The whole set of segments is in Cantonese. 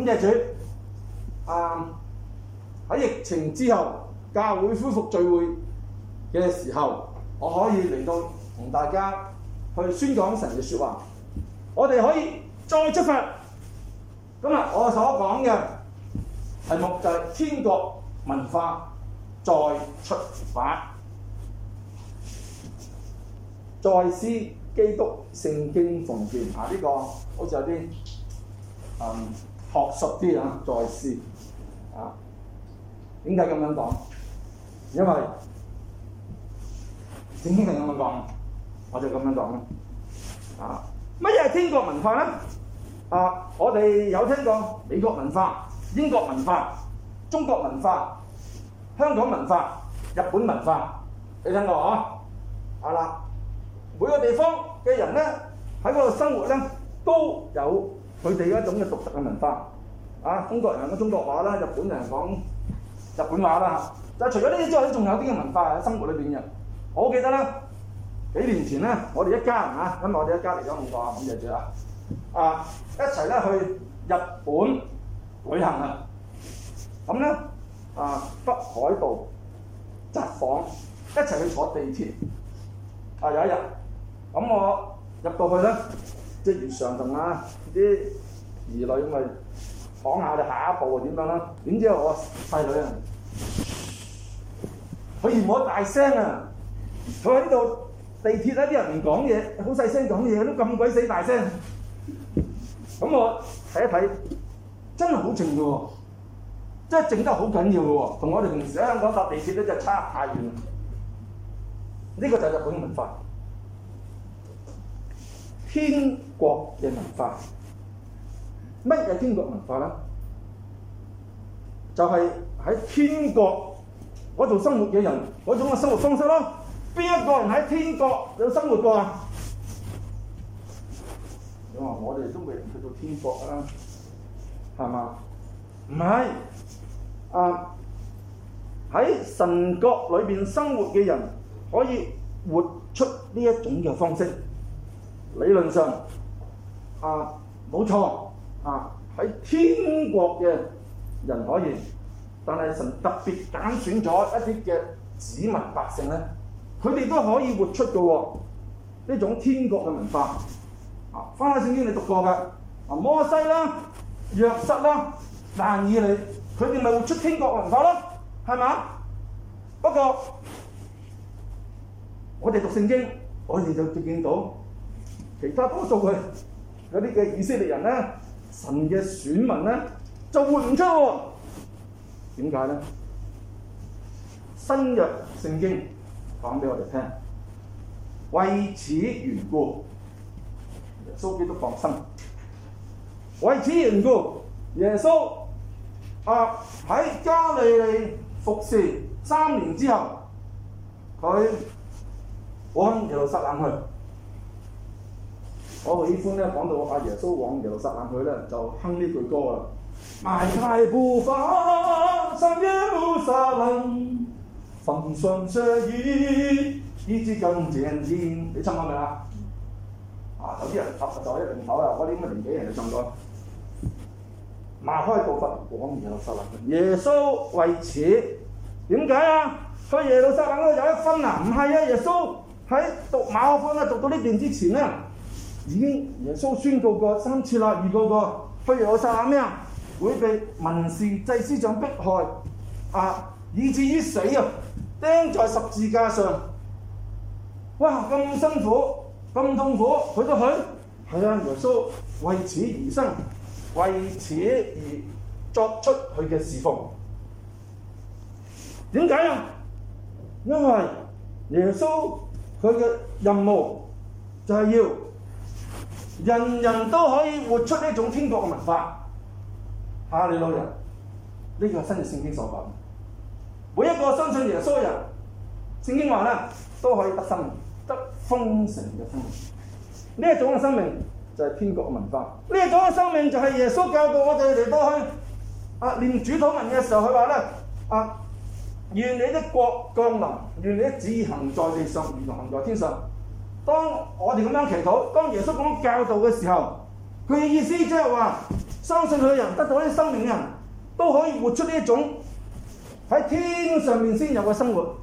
咁嘅，主啊喺疫情之後，教會恢復聚會嘅時候，我可以嚟到同大家去宣講神嘅説話。我哋可以再出發。今日我所講嘅題目就係天國文化再出發，再思基督、聖經、奉獻。啊，呢個好似有啲。嗯。學術啲人再試啊，點解咁樣講？因為點解咁樣講？我就咁樣講啊，乜嘢係天國文化呢？啊，我哋有聽過美國文化、英國文化、中國文化、香港文化、日本文化，你聽過啊啦、啊，每個地方嘅人呢，喺嗰度生活呢，都有佢哋一種嘅獨特嘅文化啊！中國人講中國話啦，日本人講日本話啦。就除咗呢啲之外，仲有啲嘅文化喺生活裏面嘅。我記得咧，幾年前呢，我哋一家人啊，因為我哋一家嚟咗香港啊，咁就啊啊一齊呢去日本旅行啦。咁呢，啊，北海道札幌一齊去坐地鐵啊，有一日咁我入到去呢即係、就是、上、啊，常動啦。啲兒女咪講下，你下一步點樣啦？點知我細女啊，佢嫌我大聲啊！佢喺呢度地鐵咧，啲人唔講嘢，好細聲講嘢，都咁鬼死大聲。咁我睇一睇，真係好靜嘅喎，真係靜得好緊要嘅喎，同我哋平時喺香港搭地鐵咧，就差太遠。呢個就係日本文化，天國嘅文化。乜嘢係天國文化呢？就係、是、喺天國嗰度生活嘅人嗰種嘅生活方式咯。邊一個人喺天國有生活過啊？因為我哋都未去到天國是不是啊，係嘛？唔係啊，喺神國裏面生活嘅人可以活出呢一種嘅方式。理論上啊，冇錯。啊！喺天國嘅人可以，但係神特別揀選咗一啲嘅子民百姓呢，佢哋都可以活出嘅呢、哦、種天國嘅文化。啊，翻下聖經你讀過嘅、啊、摩西啦、約瑟啦，但以理佢哋咪活出天國文化咯，係嘛？不過我哋讀聖經，我哋就見到其他多數嘅嗰啲嘅以色列人呢。神嘅選民呢，就活唔出門，點解呢？新約聖經講畀我哋聽，為此緣故，耶穌基督降生；為此緣故，耶穌啊喺加利利服侍三年之後，佢往耶路撒冷去。我喜歡咧講到阿耶穌往耶路撒冷去咧，就哼呢句歌啦。邁開步伐，三一布法輪，風霜雪雨，意志更堅定。你唱開未啊？啊有啲人，人，人就就一定否啊！我呢啲咁嘅年紀人去唱歌。邁開步伐，往耶路撒冷。耶穌為此點解啊？去耶路撒冷嗰度有一分啊？唔係啊！耶穌喺讀馬可福音讀到呢段之前呢。已經耶穌宣告過三次啦，預告過，譬如我受咩啊，會被文士、祭司長迫害啊，以至於死啊，釘在十字架上。哇！咁辛苦，咁痛苦，佢都去。係啊，耶穌為此而生，為此而作出佢嘅侍奉。點解啊？因為耶穌佢嘅任務就係要。人人都可以活出呢種天國嘅文化，哈、啊！你老人，呢個係今日聖經所講，每一個相信耶穌嘅人，聖經話呢，都可以得生命，得豐盛嘅生命。呢一種嘅生命就係天國嘅文化，呢一種嘅生命就係耶穌教導我哋嚟到去。念主禱文嘅時候，佢話呢：「啊，願你的國降臨，願你的旨意行在地上，如同行在天上。當我哋咁樣祈禱，當耶穌講教導嘅時候，佢嘅意思即係話，相信佢嘅人，得到啲生命嘅人，都可以活出呢一種喺天上面先有嘅生活，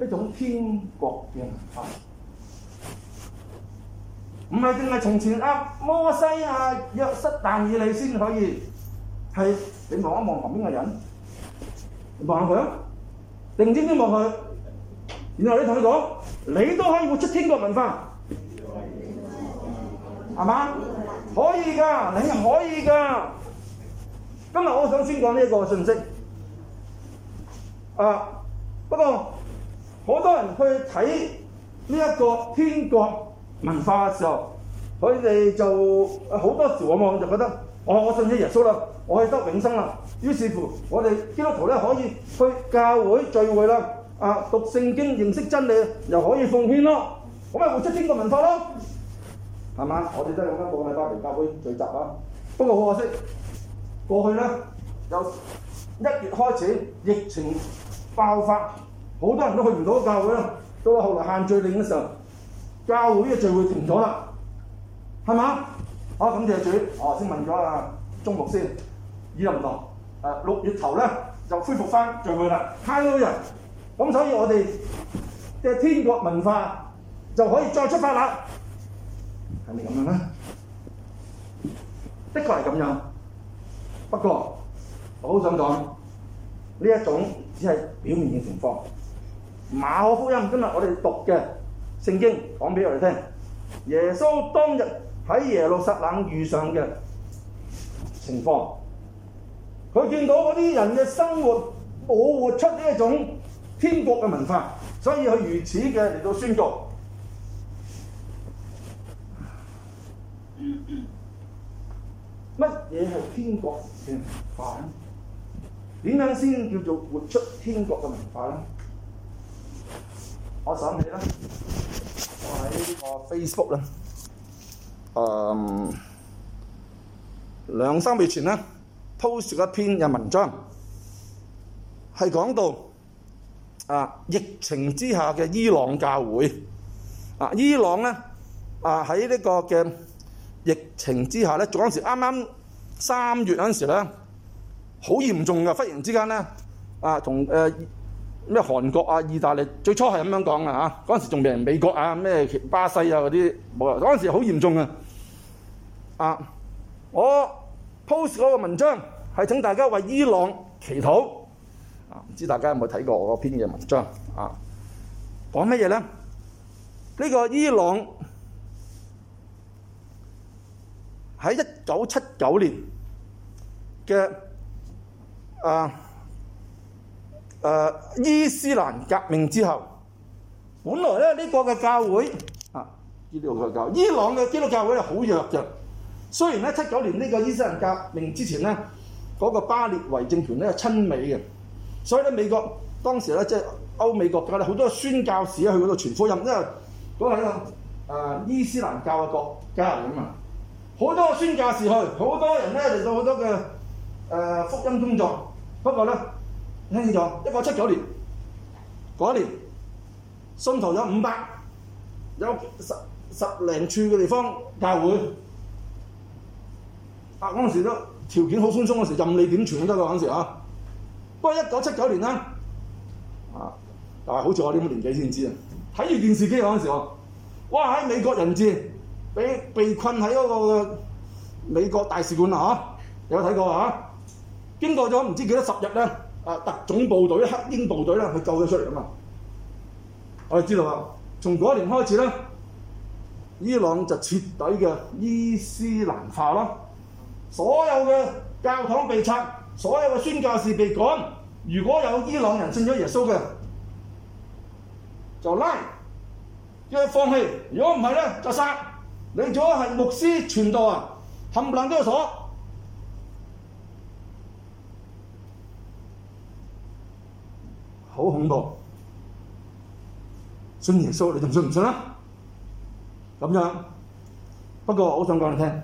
一種天國嘅文化。唔係淨係從前阿、啊、摩西啊、約瑟但以理先可以，係你望一望旁邊嘅人，望下佢，定睛啲望佢，然後你同佢講。你都可以活出天國文化，係、嗯、嗎可以㗎，你可以㗎。今日我想宣講呢個個信息。啊，不過好多人去睇呢個個天國文化嘅時候，佢哋就好多時候往往就覺得，哦、我信咗耶穌喇，我係得永生喇。於是乎，我哋基督徒呢可以去教會聚會喇啊！讀聖經認識真理，又可以奉獻咯。我們咪活出天國文化咯，係嘛？我哋都係用一個禮拜嚟教會聚集啊。不過好可惜，過去呢，由一月開始疫情爆發，好多人都去唔到教會啦。到咗後來限聚令嘅時候，教會嘅聚會停咗啦，係嘛？好！感謝主，我、啊、先問咗啊，中六先，二又唔同。六、啊、月頭呢，就恢復返聚會啦。Hi，所有人。所以，我哋嘅天國文化就可以再出發啦。係咪咁樣呢？的確係咁樣。不過，我好想講呢一種只係表面嘅情況。馬可福音今日我哋讀嘅聖經講俾我哋聽，耶穌當日喺耶路撒冷遇上嘅情況，佢見到嗰啲人嘅生活冇活出呢種。天國嘅文化，所以佢如此嘅嚟到宣告。乜嘢係天國嘅文化咧？點樣先叫做活出天國嘅文化咧？我想起啦，我喺呢個 Facebook 咧，誒兩三年前咧，post 一篇嘅文章，係講到。啊！疫情之下嘅伊朗教會啊，伊朗呢啊喺呢個嘅疫情之下呢，嗰時啱啱三月嗰陣時咧，好嚴重㗎，忽然之間呢，啊，同、呃、咩韓國啊、意大利最初係這樣講嘅嚇、啊，嗰陣時仲未人美國啊、咩巴西啊嗰啲冇啊，嗰時好嚴重嘅啊！我 post 嗰個文章係請大家為伊朗祈禱。啊！唔知大家有冇睇過我嗰篇嘅文章啊？講乜嘢咧？呢個伊朗喺一九七九年嘅啊、啊伊斯蘭革命之後，本來咧呢個嘅教會啊，基督教會伊朗嘅基督教會係好弱嘅。雖然咧七九年呢個伊斯蘭革命之前咧，嗰個巴列維政權咧係親美嘅。所以美國當時呢，即歐美國家呢，好多宣教士去嗰度傳福音，因為嗰個誒伊斯蘭教嘅國家咁啊，好多宣教士去，好多人呢，嚟到好多嘅福音工作。不過呢，聽清楚，一九七九年嗰年，信徒有五百，有十十零處嘅地方教會。啊，嗰陣時都條件好寬鬆嗰時候，任你點傳都得嗰時啊！不過一九七九年啦，啊，但係好似我呢啲年紀先知啊，睇住電視機嗰時，喺美國人質被，被困喺嗰個美國大使館啊，嚇，有睇過啊，經過咗唔知幾多十日咧，啊，特種部隊、黑鷹部隊去救咗出嚟，我哋知道啊，從嗰一年開始呢，伊朗就徹底嘅伊斯蘭化，所有嘅教堂被拆。所有嘅宣教士被趕。如果有伊朗人信咗耶穌嘅，就拉；叫佢放棄，如果唔係咧，就殺。你做係牧師傳道啊，冚唪唥都要鎖，好恐怖。信耶穌你還信信，你仲信唔信啊？咁樣。不過，我想講你聽，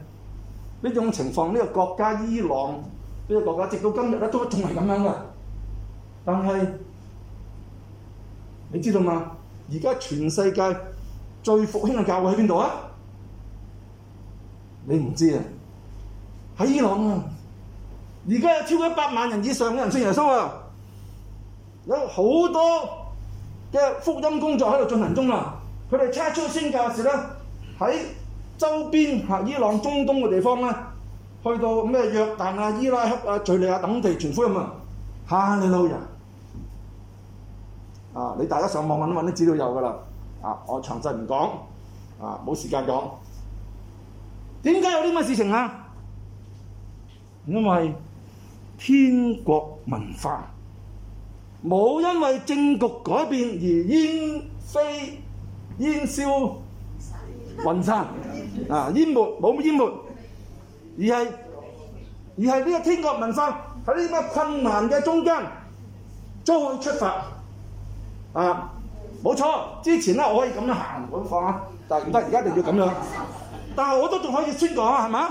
呢種情況呢、呢個國家伊朗。這個國家直到今日都仲係咁樣噶，但係你知道嘛？而家全世界最復興嘅教會喺邊度啊？你唔知啊？喺伊朗啊！而家有超過一百萬人以上嘅人信耶穌啊！有好多嘅福音工作喺度進行中啦、啊。佢哋差出宣教士咧，喺周邊伊朗中東嘅地方呢、啊。去到咩約旦啊、伊拉克啊、敍利亞等地全灰咁啊！嚇你老人家啊！你大家上網揾一揾，啲資料有㗎啦啊！我詳細唔講啊，冇時間講。點解有啲咁嘅事情啊？因為天國文化冇因為政局改變而煙飛煙消雲散啊！淹沒冇淹沒。沒煙沒而係而係呢個天國文化喺呢啲困難嘅中間再出發啊！冇錯，之前咧我可以咁樣行咁快，但係唔得，而家一定要咁樣。但係我都仲可以宣講，係嘛？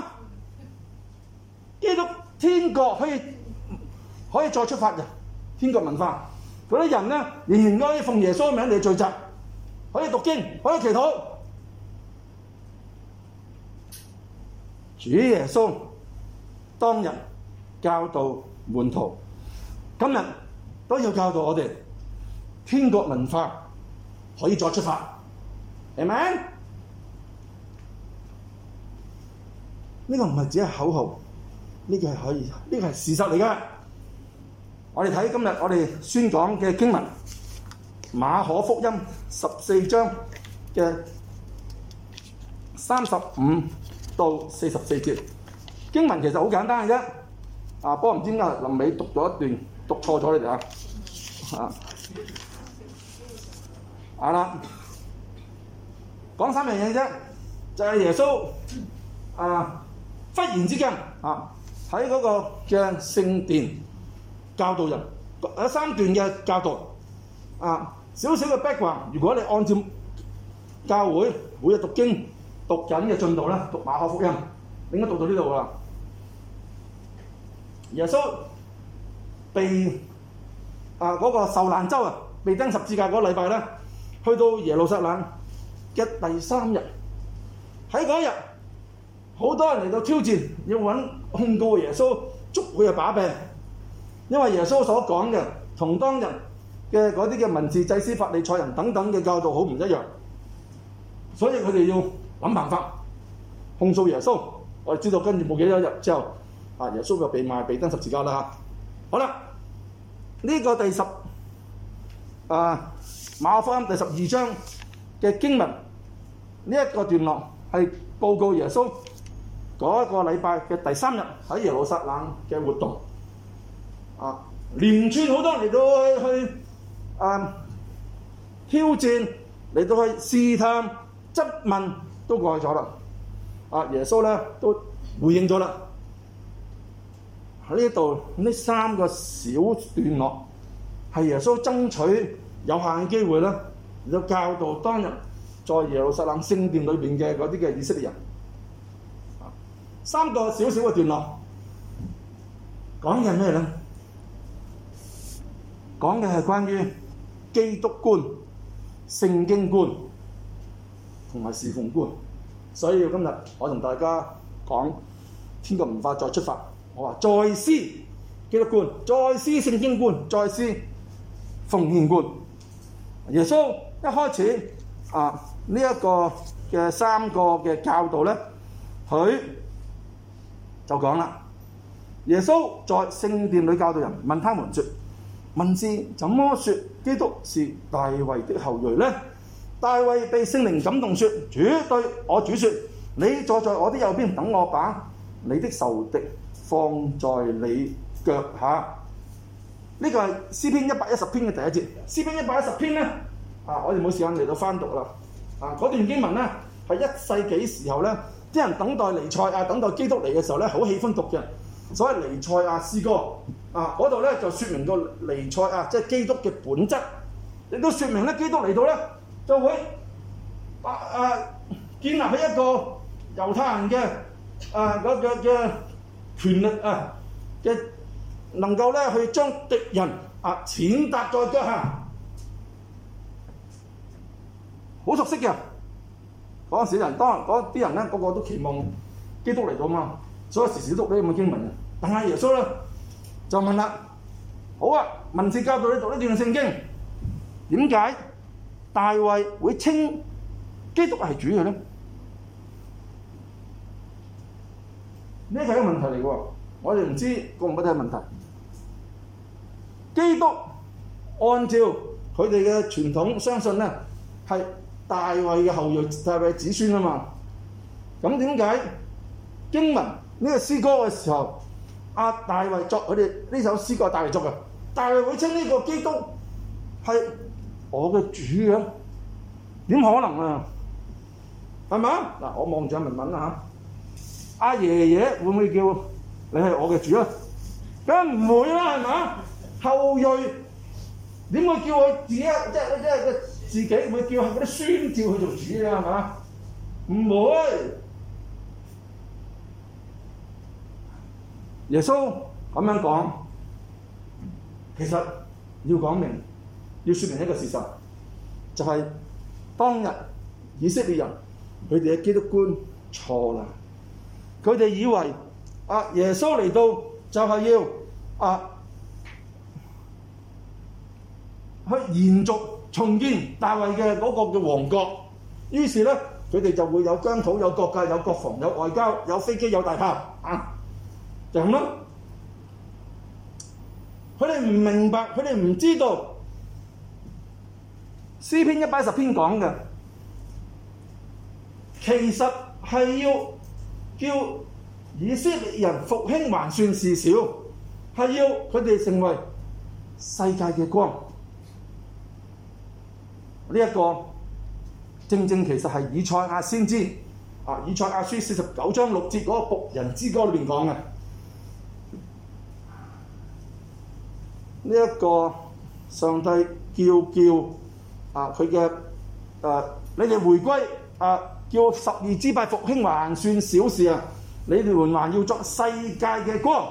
基督天國可以，可以再出發嘅天國文化，嗰啲人咧仍然可以奉耶穌名嚟聚集，可以讀經，可以祈禱。主耶穌當日教導門徒，今日都要教導我哋，天國文化可以再出發，明唔明？呢個唔係只係口號，呢個係可以，呢個係事實嚟噶。我哋睇今日我哋宣講嘅經文《馬可福音》十四章嘅三十五到四十四節經文其實好簡單嘅啫，啊，不過唔知點解臨尾讀咗一段讀錯咗，你哋啊，啊，啊啦，講三樣嘢啫，就係、是、耶穌啊，忽然之間啊，喺嗰個嘅聖殿教導人有三段嘅教導，啊，少少嘅 background，如果你按照教會每日讀經。讀緊嘅進度咧，讀馬可福音，應該讀到呢度啦。耶穌被啊嗰個受難週啊，那個、州被釘十字架嗰個禮拜呢，去到耶路撒冷嘅第三日，喺嗰一日，好多人嚟到挑戰，要揾控告的耶穌，捉佢嘅把柄，因為耶穌所講嘅同當日嘅嗰啲嘅文字祭司、法利賽人等等嘅教導好唔一樣，所以佢哋要。諗辦法控訴耶穌，我哋知道跟住冇幾多日之後，啊耶穌就被賣被釘十字架啦吓。好啦，呢、這個第十啊馬可福音第十二章嘅經文呢一、這個段落係報告耶穌嗰一個禮拜嘅第三日喺耶路撒冷嘅活動，啊連串好多人嚟到去,去啊挑戰嚟到去試探質問。都過去咗啊，耶穌呢都回應咗啦。喺呢度呢三個小段落，係耶穌爭取有限嘅機會咧，嚟教導當日在耶路撒冷聖殿裏面嘅嗰啲嘅以色列人。三個小小嘅段落，講嘅咩呢？講嘅係關於基督觀、聖經觀。同埋侍奉官，所以今日我同大家講，天國文化再出發。我話再思基督觀，再思聖經觀，再思奉獻觀。耶穌一開始啊呢一個嘅三個嘅教導咧，佢就講啦。耶穌在聖殿裏教導人，問他們説：文士怎麼説基督是大衛的後裔咧？大衛被聖靈感動說，說：主對我主說，你坐在我啲右邊，等我把你的仇敵放在你腳下。呢、啊這個係詩篇一百一十篇嘅第一節。詩篇一百一十篇呢，啊，我哋冇時間嚟到翻讀啦。啊，嗰段經文呢，係一世紀時候呢，啲人等待尼賽亞，等待基督嚟嘅時候呢，好喜歡讀嘅。所謂尼賽亞詩歌啊，嗰度呢就說明到尼賽亞即係基督嘅本質，亦都說明呢基督嚟到呢。就會建立起一個猶太人嘅權力啊能夠去將敵人啊踐踏在腳下，好熟悉嘅嗰陣時，時人，當嗰啲人咧，個個都期望基督嚟咗嘛，所以時時都讀呢咁嘅經文。但係耶穌咧就問啦，好啊，文士教導你讀一段聖經，點解？大衛會稱基督係主嘅，這呢就係一個問題嚟，我哋唔知道唔不得問題。基督按照佢哋嘅傳統，相信呢係大衛嘅後裔、大衛子孫啊嘛。咁點解經文呢個詩歌嘅時候，大衛作佢哋呢首詩歌係大衛作嘅，大衛會稱呢個基督係我嘅主啊，點可能啊？係咪啊？嗱，我望住阿文文啦嚇，阿爺爺會唔會叫你係我嘅主啊？梗唔會啦，係咪啊？後裔點會叫佢主啊？即係即係佢自己會叫佢啲孫叫去做主啊？係咪啊？唔會。耶穌咁樣講，其實要講明。要説明一個事實，就係當日以色列人佢哋嘅基督觀錯啦，佢哋以為耶穌嚟到就係要啊去延續重建大衛嘅嗰個嘅王國，於是呢，佢哋就會有疆土、有國界、有國防、有外交、有飛機、有大炮啊，就咁咯。佢哋唔明白，佢哋唔知道。詩篇一百一十篇講嘅，其實係要叫以色列人復興，還算是小，係要佢哋成為世界嘅光。呢一個正正其實係以賽亞先知啊、那個，以賽亞書四十九章六節嗰個僕人之歌裏面講嘅。呢一個上帝叫叫。啊！佢嘅誒，你哋回歸啊，叫十二支派復興還算小事啊！你哋還要作世界嘅光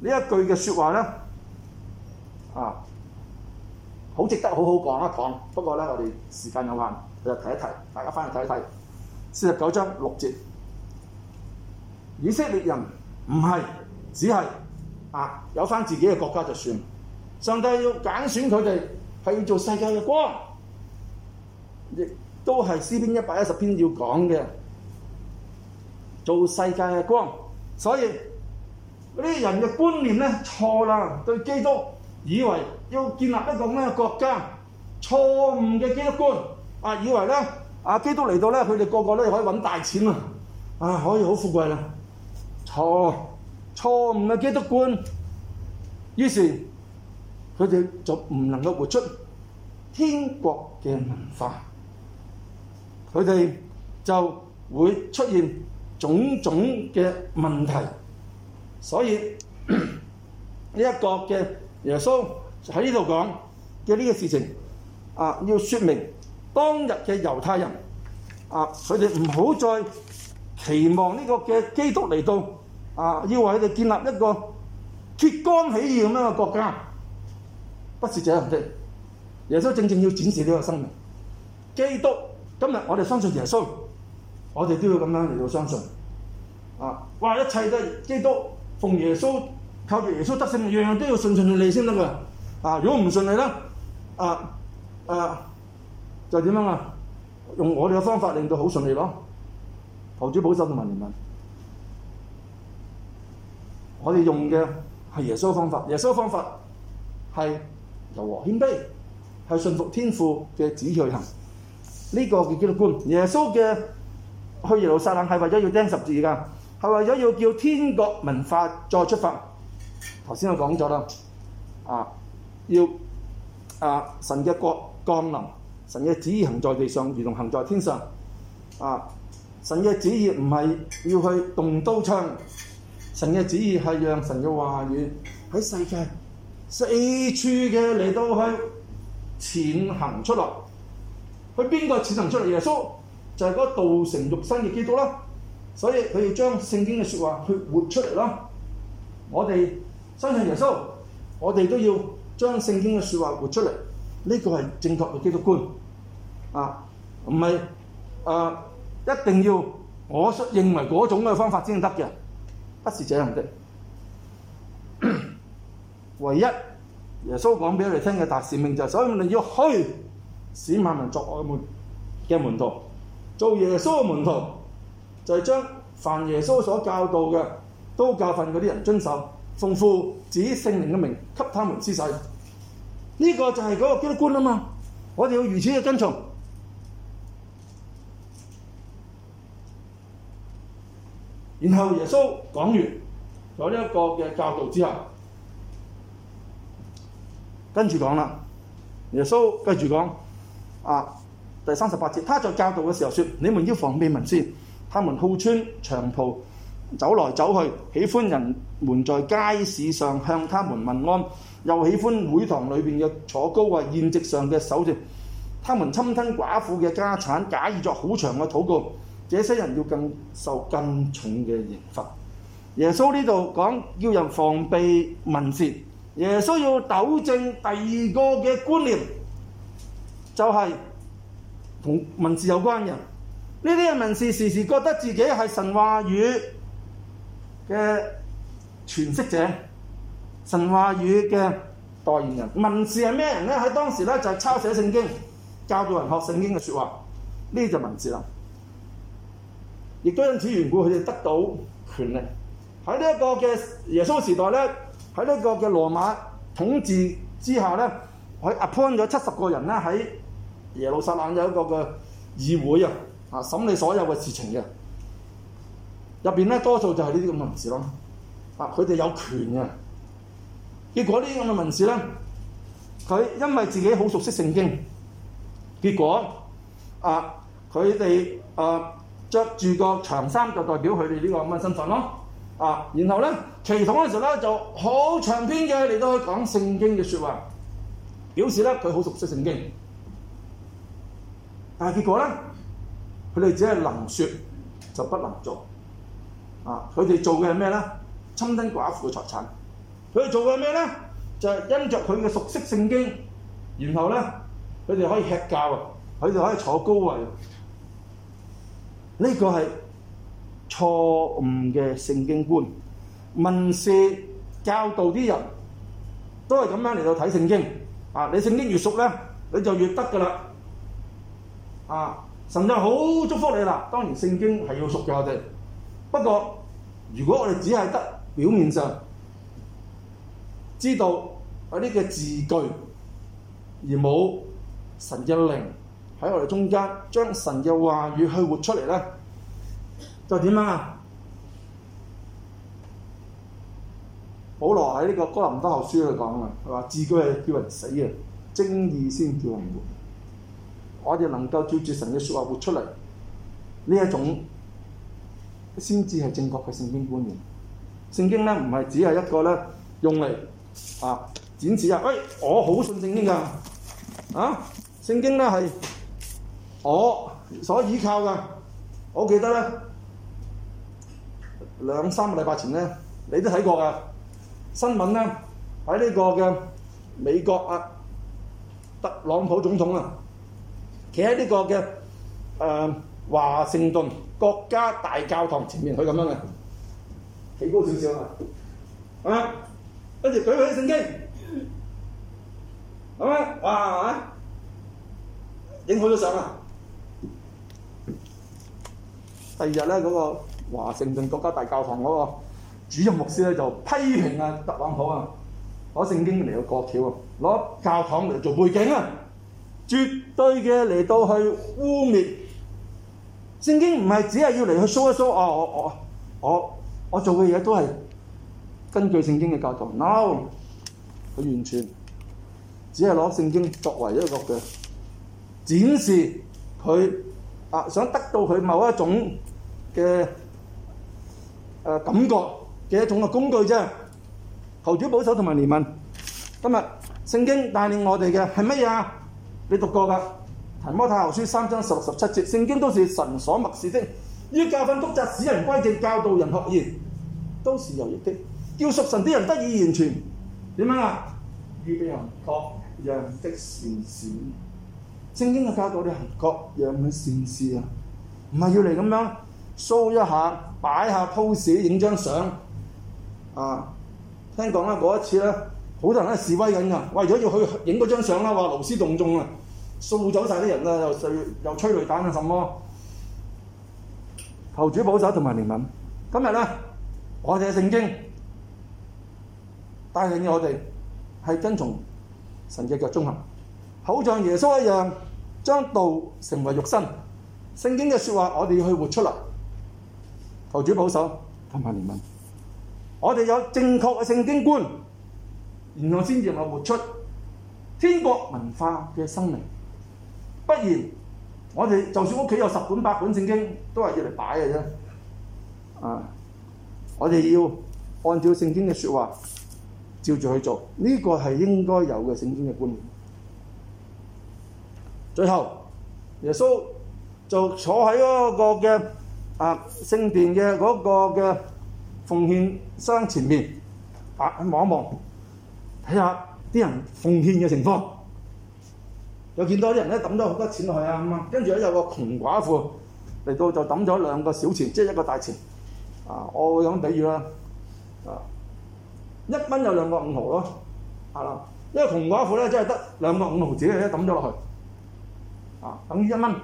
呢一句嘅説話呢，啊，好值得好好講一、啊、講。不過呢，我哋時間有限，就提一提，大家翻去睇一睇四十九章六節，以色列人唔係只係啊有翻自己嘅國家就算，上帝要揀選佢哋。係要做世界嘅光，亦都係《詩篇》一百一十篇要講嘅，做世界嘅光。所以嗰啲人嘅觀念咧錯啦，對基督以為要建立一個咁嘅國家，錯誤嘅基督觀，啊，以為咧啊基督嚟到咧，佢哋個個都可以搵大錢啊，啊可以好富貴啦，錯，錯誤嘅基督觀。於是。佢哋就唔能夠活出天國嘅文化，佢哋就會出現種種嘅問題。所以呢一個嘅耶穌喺呢度講嘅呢個事情，啊，要説明當日嘅猶太人啊，佢哋唔好再期望呢個嘅基督嚟到啊，要為佢哋建立一個揭竿起義咁樣嘅國家。不是者唔得耶穌正正要展示呢個生命。基督今日我哋相信耶穌，我哋都要咁樣嚟到相信。啊，哇一切都係基督奉耶穌，靠住耶穌得勝，樣樣都要順順利利先得噶。啊，如果唔順利啦，啊啊就點樣啊？用我哋嘅方法令到好順利咯。求主保守同埋憐憫，我哋用嘅係耶穌嘅方法，耶穌嘅方法係。就謙卑，係信服天父嘅旨意去行，呢、這個叫叫官。耶穌嘅去耶路撒冷係為咗要釘十字架，係為咗要叫天國文化再出發。頭先我講咗啦，啊，要啊神嘅國降臨，神嘅旨意行在地上如同行在天上。啊，神嘅旨意唔係要去動刀槍，神嘅旨意係讓神嘅話語喺世界。四處嘅嚟到去，前行出嚟，去邊個前行出嚟？耶穌就係嗰個道成肉身嘅基督啦，所以佢要將聖經嘅說話去活出嚟啦。我哋相信耶穌，我哋都要將聖經嘅說話活出嚟，呢個係正確嘅基督觀啊，唔係誒一定要我認為嗰種嘅方法先得嘅，不是這樣嘅。唯一耶穌講俾我哋聽嘅大使命就係，所以我哋要去使萬民作我們嘅門徒，做耶穌嘅門徒，就係將凡耶穌所教導嘅都教訓嗰啲人遵守，奉父子聖靈嘅名給他們施洗。呢個就係嗰個基督觀啊嘛，我哋要如此嘅跟從。然後耶穌講完咗呢一個嘅教導之後。跟住講啦，耶穌跟住講啊，第三十八節，他在教導嘅時候說：你們要防備文士，他們好穿長袍走來走去，喜歡人們在街市上向他們問安，又喜歡會堂裏面嘅坐高位啊，宴席上嘅首座，他們侵吞寡婦嘅家產，假意作好長嘅禱告。這些人要更受更重嘅刑罰。耶穌呢度講，要人防備文士。耶穌要糾正第二個嘅觀念，就係、是、同文字有關嘅呢啲文字時時覺得自己係神話語嘅詮釋者，神話語嘅代言人。文字係咩人呢？喺當時呢就係抄寫聖經、教導人學聖經嘅説話，呢就是文字啦。亦都因此緣故，佢哋得到權力。喺呢個個嘅耶穌時代呢喺呢個嘅羅馬統治之下呢，佢 appoint 咗七十個人在，喺耶路撒冷有一個嘅議會啊，啊審理所有嘅事情嘅，入面呢多數就係呢啲咁嘅文士咯，啊，佢哋有權嘅。結果呢啲咁嘅文士呢，佢因為自己好熟悉聖經，結果啊佢哋啊著住個長衫就代表佢哋呢個咁嘅身份咯，啊然後呢。祈禱嘅時候呢，就好長篇嘅，你都可以講聖經嘅説話，表示他佢好熟悉聖經。但係結果呢，佢哋只係能說就不能做。他佢哋做嘅係咩呢？侵吞寡婦嘅財產。佢哋做嘅係咩呢？就係、是、因著他佢嘅熟悉聖經，然後呢，佢哋可以吃教，佢哋可以坐高位。呢個係錯誤嘅聖經觀。文士教導啲人都係咁樣嚟到睇聖經啊！你聖經越熟呢，你就越得㗎喇！啊，神就好祝福你啦！當然聖經係要熟嘅，我哋，不過如果我哋只係得表面上知道啊，呢個字句，而冇神嘅靈喺我哋中間，將神嘅話語去活出嚟呢，就點啊？保羅喺呢個哥林多後書裏講啦，係嘛？字句係叫人死的，精意先叫人活。我哋能夠照住神嘅說話活出嚟呢一種，先至係正確嘅聖經觀念。聖經呢不唔只是一個呢用嚟、啊、展示啊，我好信聖經的啊！聖經呢是我所依靠的，我記得呢，兩三個禮拜前呢，你都睇過的。新聞咧喺呢個嘅美國啊，特朗普總統啊，企喺呢個嘅、呃、華盛頓國家大教堂前面，他這點點，佢咁樣嘅，企高少少啊，啊，跟住舉起聖經，咁啊，哇，影好咗相啊！第二日咧嗰個華盛頓國家大教堂嗰、那個。主任牧師就批評啊特朗普啊，攞聖經嚟去過橋，攞教堂嚟做背景絕、啊、絕對嘅嚟到去污蔑聖經。唔係只係要嚟去掃一掃，哦，我我，我，我做嘅嘢都係根據聖經嘅教導，no，佢完全只係攞聖經作為一個嘅展示佢、啊、想得到佢某一種嘅、啊、感覺。一種個工具啫。求主保守同埋憐憫。今日聖經帶領我哋嘅係乜嘢？你讀過㗎《提摩太後書》三章十六十七節，聖經都是神所默示的，於教訓、督責、使人歸正、教導人學義，都是有益的。叫屬神啲人得以完全。點樣啊？預備行各樣的善事。聖經教導你各樣嘅善事啊，唔係要嚟咁樣 show 一下、擺下 pose、影張相。啊！聽講那嗰一次呢，好多人示威緊㗎。哇！為咗要去影嗰張相啦，話勞師動眾啊，掃走曬啲人又，又催淚彈啊，什麼？求主保守同埋憐憫。今日呢，我哋聖經帶領我哋係遵從神嘅腳蹤行，好像耶穌一樣，將道成為肉身。聖經嘅說話，我哋要去活出嚟。求主保守同埋憐憫。我哋有正確嘅聖經觀，然後先至能活出天國文化嘅生命。不然，我哋就算屋企有十本八本聖經，都係要嚟擺嘅。我哋要按照聖經嘅説話，照住去做，呢個係應該有嘅聖經嘅觀念。最後，耶穌就坐喺嗰個嘅啊、聖殿嘅嗰個嘅。奉獻箱前面，啊，望一望，睇下啲人奉獻嘅情況，有見到啲人咧抌咗好多錢落去啊，跟住有個窮寡婦嚟到就抌咗兩個小錢，即係一個大錢，啊，我會咁比喻啦，啊，一蚊有兩個五毫咯，係啦，因為窮寡婦呢，真係得兩個五毫子，嘅一抌咗落去，啊，等於一蚊，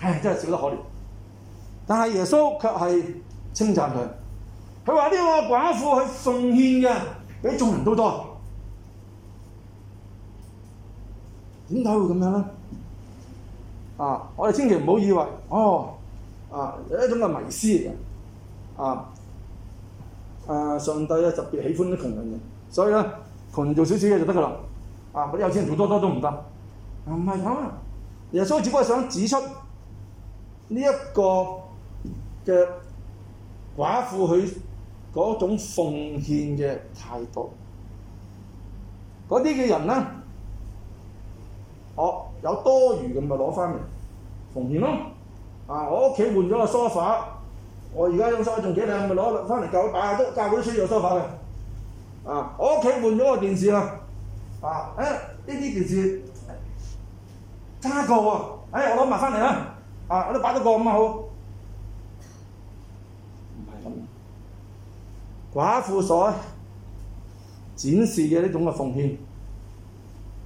唉，真係少得可憐，但係耶穌卻係，稱讚佢，佢話呢個寡婦係奉獻嘅，比眾人都多。點解會咁樣呢？啊！我哋千祈唔好以為哦啊一種嘅迷思啊！誒、啊、上帝啊特別喜歡啲窮人嘅，所以呢，窮人做少少嘢就得㗎喇。啊，啲有錢人做多多都唔得。唔、啊、係啊！耶穌只不過想指出呢一個嘅。寡婦佢嗰種奉獻嘅態度，嗰啲嘅人呢，哦有多餘咁咪攞翻嚟奉獻咯。啊，我屋企換咗個 sofa，我而、啊、家張 sofa 仲幾靚，咪攞翻嚟搞擺下都，揸嗰啲需要 sofa 嘅。啊，我屋企換咗個電視啦。啊，誒呢啲電視差個喎，我攞埋翻嚟啦。啊，我都擺多個咁好。寡婦所展示嘅呢種嘅奉獻，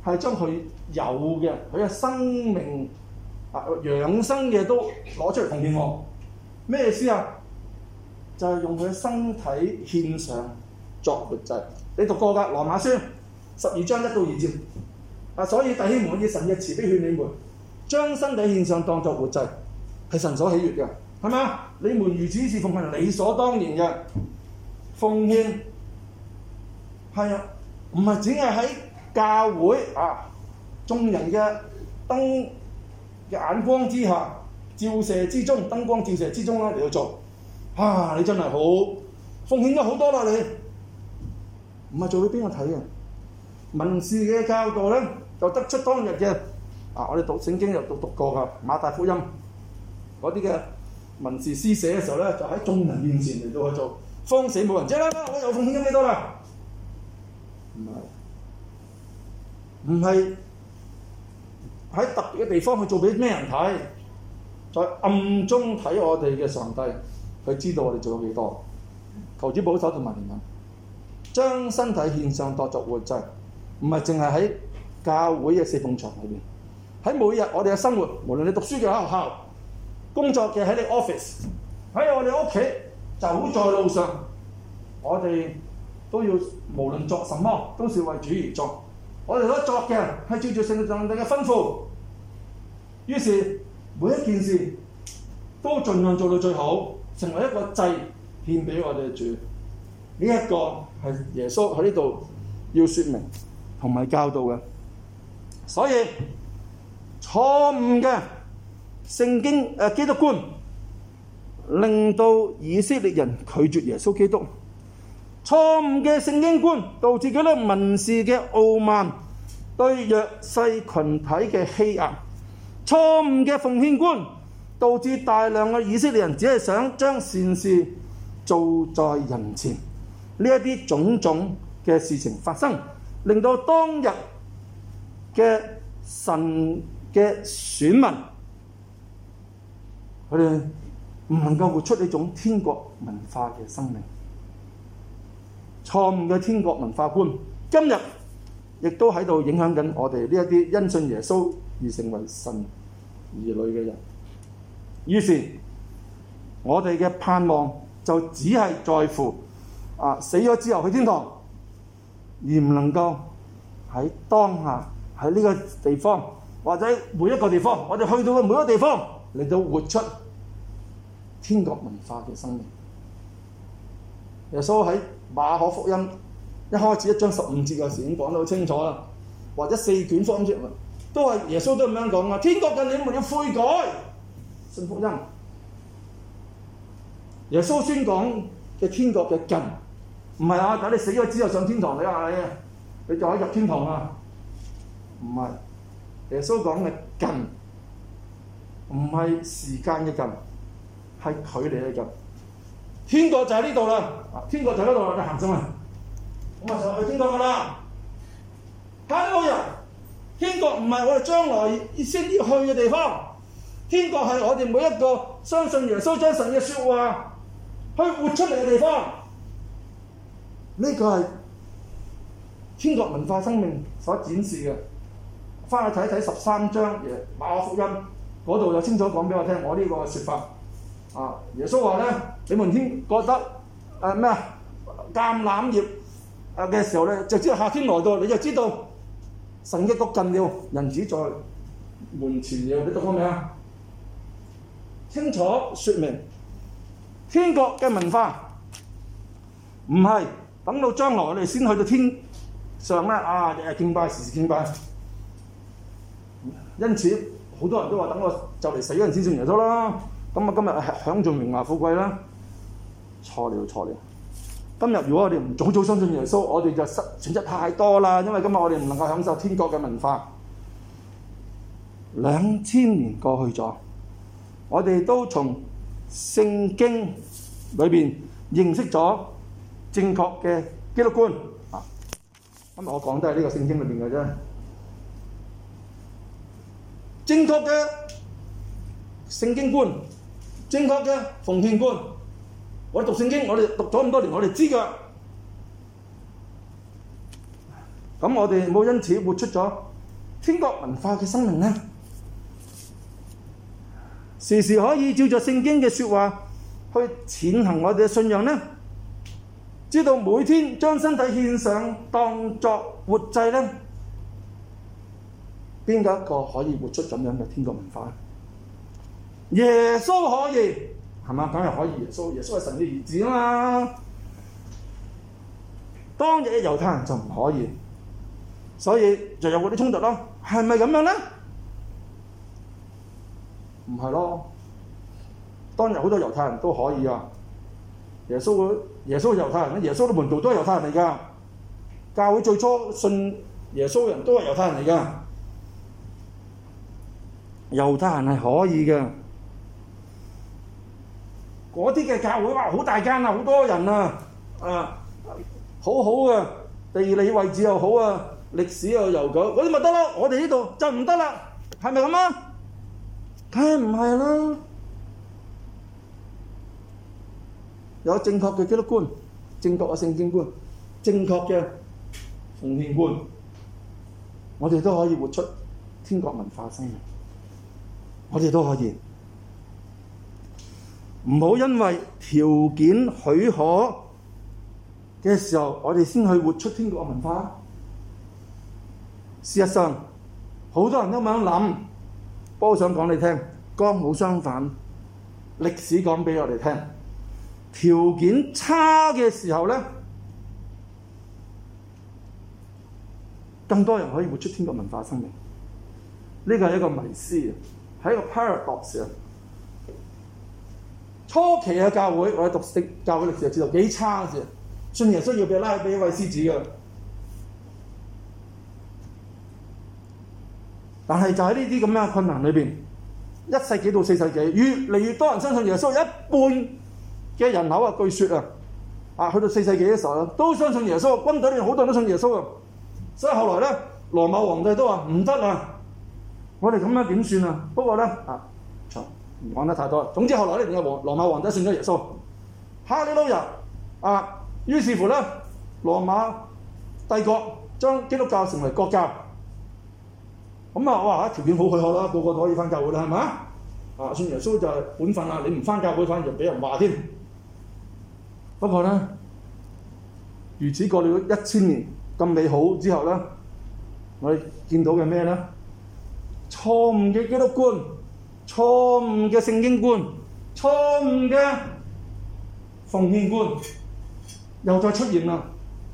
係將佢有嘅佢嘅生命啊養生嘅都攞出嚟奉獻我。咩意思啊？就係、是、用佢嘅身體獻上作活祭。你讀過噶《羅馬書》十二章一到二節啊，所以弟兄們，以神嘅慈悲勸你們，將身體獻上當作活祭，係神所喜悅嘅，係咪？你們如此事奉係理所當然嘅。奉獻係啊，唔係只係喺教會啊，眾人嘅燈嘅眼光之下照射之中，燈光照射之中啦，嚟到做啊！你真係好奉獻咗好多啦！你唔係做俾邊個睇啊？文士嘅教導呢，就得出當日嘅啊，我哋讀聖經又讀讀過噶馬太福音嗰啲嘅文士施捨嘅時候呢，就喺眾人面前嚟到去做。封死冇人知啦！我有奉獻咗幾多啦？唔係，唔係喺特別嘅地方去做俾咩人睇？在暗中睇我哋嘅上帝，佢知道我哋做咗幾多。求主保守同埋感恩，將身體獻上當作活祭，唔係淨係喺教會嘅四奉牆裏面，喺每日我哋嘅生活，無論你讀書嘅喺學校、工作嘅喺你的 office、喺我哋屋企。走在路上，我哋都要無論作什麼，都是為主而作。我哋所作嘅，係照住朝聖聖地嘅吩咐。於是每一件事都盡量做到最好，成為一個祭獻俾我哋主。呢、這、一個係耶穌喺呢度要説明同埋教導嘅。所以錯誤嘅聖經、呃、基督觀。令到以色列人拒絕耶穌基督，錯誤嘅聖經觀導致佢哋文士嘅傲慢，對弱勢群體嘅欺壓，錯誤嘅奉獻觀導致大量嘅以色列人只係想將善事做在人前，呢一啲種種嘅事情發生，令到當日嘅神嘅選民佢哋。唔能夠活出呢種天國文化嘅生命，錯誤嘅天國文化觀，今日亦都喺度影響緊我哋呢一啲因信耶穌而成為神兒女嘅人。於是，我哋嘅盼望就只係在乎啊死咗之後去天堂，而唔能夠喺當下喺呢個地方或者每一個地方，我哋去到嘅每一個地方嚟到活出天國文化嘅生命，耶穌喺馬可福音一開始一章十五節嘅時已經講得好清楚啦。或者四卷福音書都係耶穌都咁樣講啊！天國近，你哋要悔改，信福音。耶穌宣講嘅天國嘅近，唔係啊！等你死咗之後上天堂，你係、啊、咪你，你就可以入天堂啊？唔係，耶穌講嘅近，唔係時間嘅近。係佢嚟嘅天國就喺呢度啦，天國就喺呢度，你行先啦。咁上去天國噶啦，睇到人，天國唔係我哋將來先要去嘅地方，天國係我哋每一個相信耶穌將神嘅説話去活出嚟嘅地方。呢、這個係天國文化生命所展示嘅。回去睇看睇十三章馬可福音嗰度，就清楚講俾我聽，我呢個説法。啊！耶穌話咧，你們天覺得誒咩啊？橄欖葉誒嘅時候咧，就知道夏天來到，你就知道神嘅國近了，人子在門前了。有你讀過未啊？清楚説明天國嘅文化，唔係等到將來你先去到天上咧。啊！日日敬拜，時時敬拜。因此好多人都話：等我就嚟死嗰陣先信耶穌啦。咁啊！今日享盡榮華富貴啦，錯了，錯了！今日如果我哋唔早早相信耶穌，我哋就失損失太多啦。因為今日我哋唔能夠享受天國嘅文化。兩千年過去咗，我哋都從聖經裏面認識咗正確嘅基督觀。今日我講都係呢個聖經裏面嘅啫，正確嘅聖經觀。正確嘅奉獻觀，我哋讀聖經，我哋讀咗咁多年，我哋知㗎。咁我哋冇因此活出咗天國文化嘅生命呢？時時可以照着聖經嘅説話去踐行我哋嘅信仰呢？知道每天將身體獻上當作活祭呢？邊個一個可以活出咁樣嘅天國文化呢？耶穌可以係嘛？梗係可以耶穌，耶穌係神嘅兒子啊嘛。當日嘅猶太人就唔可以，所以就有嗰啲衝突咯。係咪咁樣呢？唔係咯。當日好多猶太人都可以啊。耶穌嘅耶穌係猶太人，耶穌嘅門徒都係猶太人嚟㗎。教會最初信耶穌嘅人都係猶太人嚟㗎。猶太人係可以嘅。嗰啲嘅教會哇，好大間啊，好多人啊，啊，好好嘅，地理位置又好啊，歷史又悠久，嗰啲咪得咯。我哋呢度就唔得啦，係咪咁啊？梗係唔係啦。有正確嘅基督觀、正確嘅聖經觀、正確嘅奉獻觀，我哋都可以活出天國文化生命。我哋都可以。唔好因為條件許可嘅時候，我哋先去活出天國嘅文化。事實上，好多人都咁樣諗，不過我想講你聽，剛好相反。歷史講俾我哋聽，條件差嘅時候呢，更多人可以活出天國文化生命。呢個係一個迷思，係一個 paradox。初期嘅教會，我哋讀聖教會歷史就知道幾差嘅。信耶穌要俾拉去畀一位獅子嘅，但係就喺呢啲咁樣嘅困難裏邊，一世紀到四世紀越嚟越多人相信耶穌，一半嘅人口說啊，據説啊，啊去到四世紀嘅時候咧，都相信耶穌，軍隊裏好多人都信耶穌啊。所以後來咧，羅馬皇帝都話唔得啊，我哋咁樣點算啊？不過咧，啊。講得太多。總之，後來咧仲有羅羅馬皇帝信咗耶穌，哈利路亞啊！於是乎呢，羅馬帝國將基督教成為國教。咁我話條件好許可啦，個個都可以翻教會啦，係咪啊？信耶穌就係本分啦，你唔翻教會反而就俾人話添。不過呢，如此過了一千年咁美好之後呢，我哋見到嘅咩呢？錯誤嘅基督觀。錯誤嘅聖經觀、錯誤嘅奉獻觀，又再出現啦。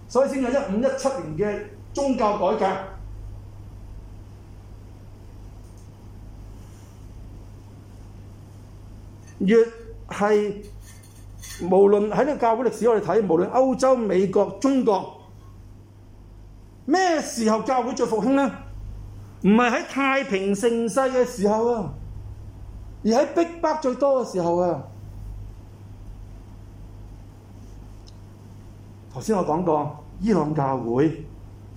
所以先係一五一七年嘅宗教改革，越係無論喺呢個教會歷史我哋睇，無論歐洲、美國、中國，咩時候教會最復興呢？唔係喺太平盛世嘅時候啊！而喺逼迫最多嘅時候啊，頭先我講過伊朗教會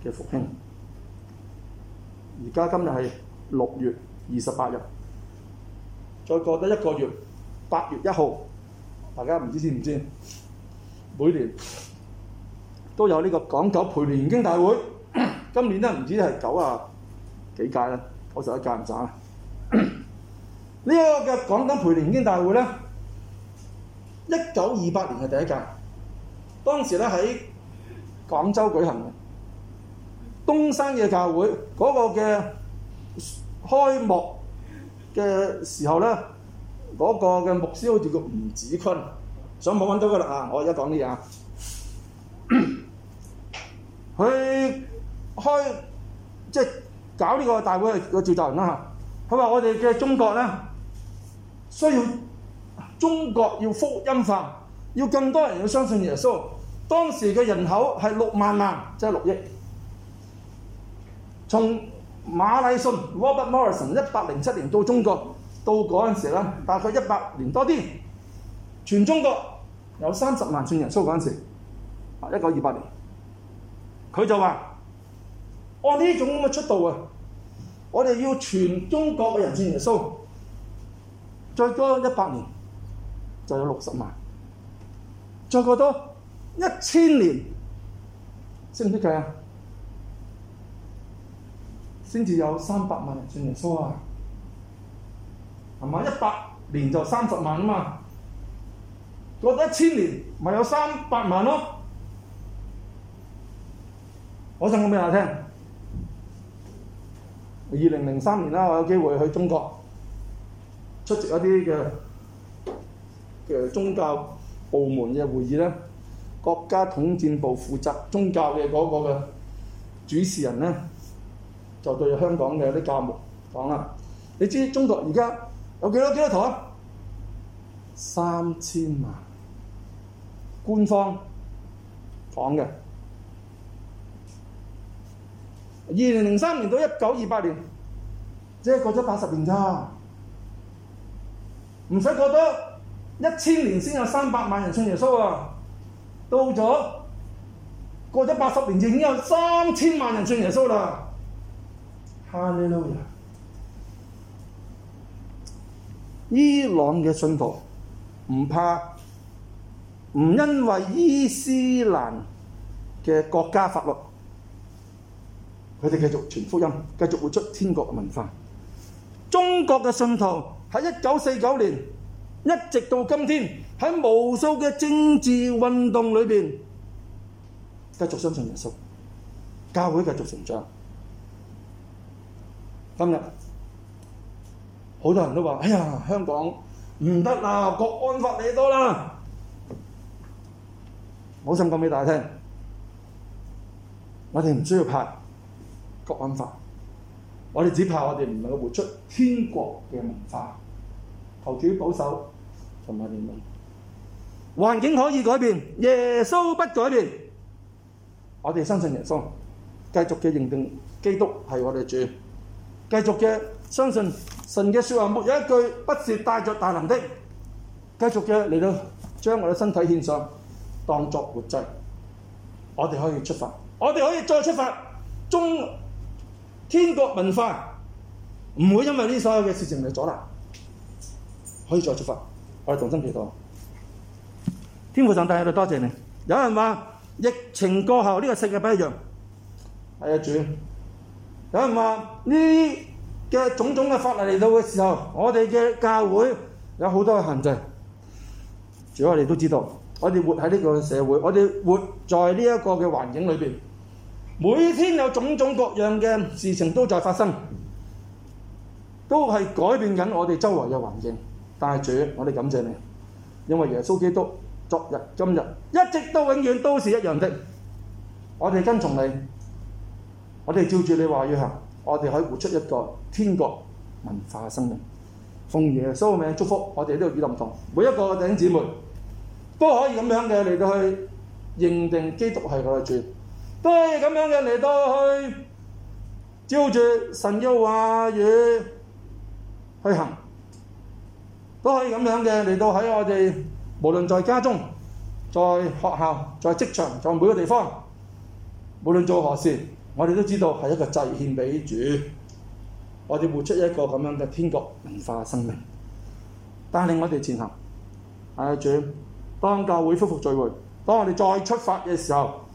嘅復興，而家今日係六月二十八日，再過得一個月，八月一號，大家唔知知唔知？每年都有呢個港九培靈研經大會，今年咧唔知係九啊幾屆啦，九十一屆唔爭。 呢、這個個嘅廣東培靈研經大會呢，一九二八年嘅第一屆，當時呢在喺廣州舉行東東山嘅教會嗰個嘅開幕嘅時候呢，那嗰個嘅牧師好似叫吳子坤，所以冇搵到噶啦，我而家講呢嘢啊，佢開即係搞呢個大會嘅召集人、啊、佢話我哋嘅中國呢。需要中國要福音化，要更多人要相信耶穌。當時嘅人口係六萬萬，即係六億。從馬禮遜 Robert Morrison 一百零七年到中國，到嗰陣時咧，大概一百年多啲，全中國有三十萬信耶穌。嗰陣時，一九二八年，佢就話：我呢種咁嘅出道啊，我哋要全中國嘅人信耶穌。再多一百年，就有六十萬；再過多一千年，識唔識計啊？先至有三百萬人信耶穌啊？係嘛？一百年就三十萬嘛，過多一千年咪有三百萬咯。我想講畀大家聽，二零零三年啦，我有機會去中國。出席一啲嘅宗教部門嘅會議呢，國家統戰部負責宗教嘅嗰個嘅主持人呢，就對香港嘅啲教牧講，啊，你知中國而家有幾多幾多台？三千萬，官方講嘅。二零零三年到一九二八年，即係過咗八十年咋。唔使覺得一千年先有三百萬人信耶穌啊！到咗過咗八十年，已經有三千萬人信耶穌啦。哈利路亞！伊朗嘅信徒唔怕，唔因為伊斯蘭嘅國家法律，佢哋繼續傳福音，繼續活出天國嘅文化。中國嘅信徒，喺一九四九年，一直到今天，喺無數嘅政治運動裏面，繼續相信耶穌，教會繼續成長。今日好多人都話：哎呀，香港唔得啦，國安法嚟多啦！我想講俾大家聽，我哋唔需要拍國安法。我哋只怕我哋唔能夠活出天國嘅文化，求主保守同埋憐憫。環境可以改變，耶穌不改變。我哋相信耶穌，繼續嘅認定基督係我哋主，繼續嘅相信神嘅說話，沒有一句不是帶着大能的。繼續嘅嚟到將我哋身體獻上，當作活祭，我哋可以出發，我哋可以再出發。中。天國文化唔會因為呢所有嘅事情嚟阻攔，可以再出發。我哋同心祈禱，天父神大愛，我哋多謝你。有人話疫情過後呢、這個世界不一樣，係啊主。有人話呢嘅種種嘅法例嚟到嘅時候，我哋嘅教會有好多嘅限制，主我哋都知道。我哋活喺呢個社會，我哋活在呢一個嘅環境裏面。每天有種種各樣嘅事情都在發生，都係改變緊我哋周圍嘅環境。但係主，我哋感謝你，因為耶穌基督，昨日今日一直都永遠都是一樣的。我哋跟從你，我哋照住你話要行，我哋可以活出一個天國文化嘅生命。奉耶穌嘅名祝福我哋呢個語林堂，每一個弟兄姊妹都可以這樣嘅嚟到去認定基督係我嘅主。都係咁樣嘅嚟到去，照住神嘅話語去行，都可以咁樣嘅嚟到喺我哋，無論在家中、在學校、在職場、在每個地方，無論做何事，我哋都知道係一個祭獻俾主，我哋活出一個這樣嘅天國文化生命，帶領我哋前行。啊、哎、主，當教會復復聚會，當我哋再出發嘅時候。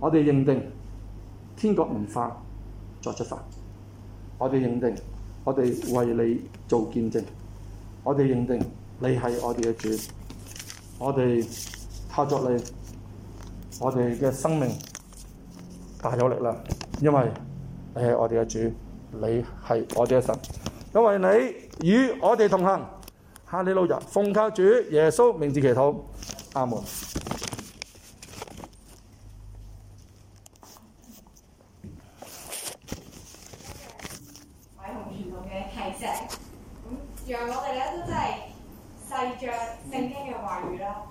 我哋認定天國文化再出發。我哋認定，我哋為你做見證。我哋認定你係我哋嘅主。我哋靠著你，我哋嘅生命大有力啦。因為你係我哋嘅主，你係我哋嘅神。因為你與我哋同行。哈利路亞，奉靠主耶穌名字祈禱，阿門。讓我哋咧都真係細嚼聖經嘅話語啦。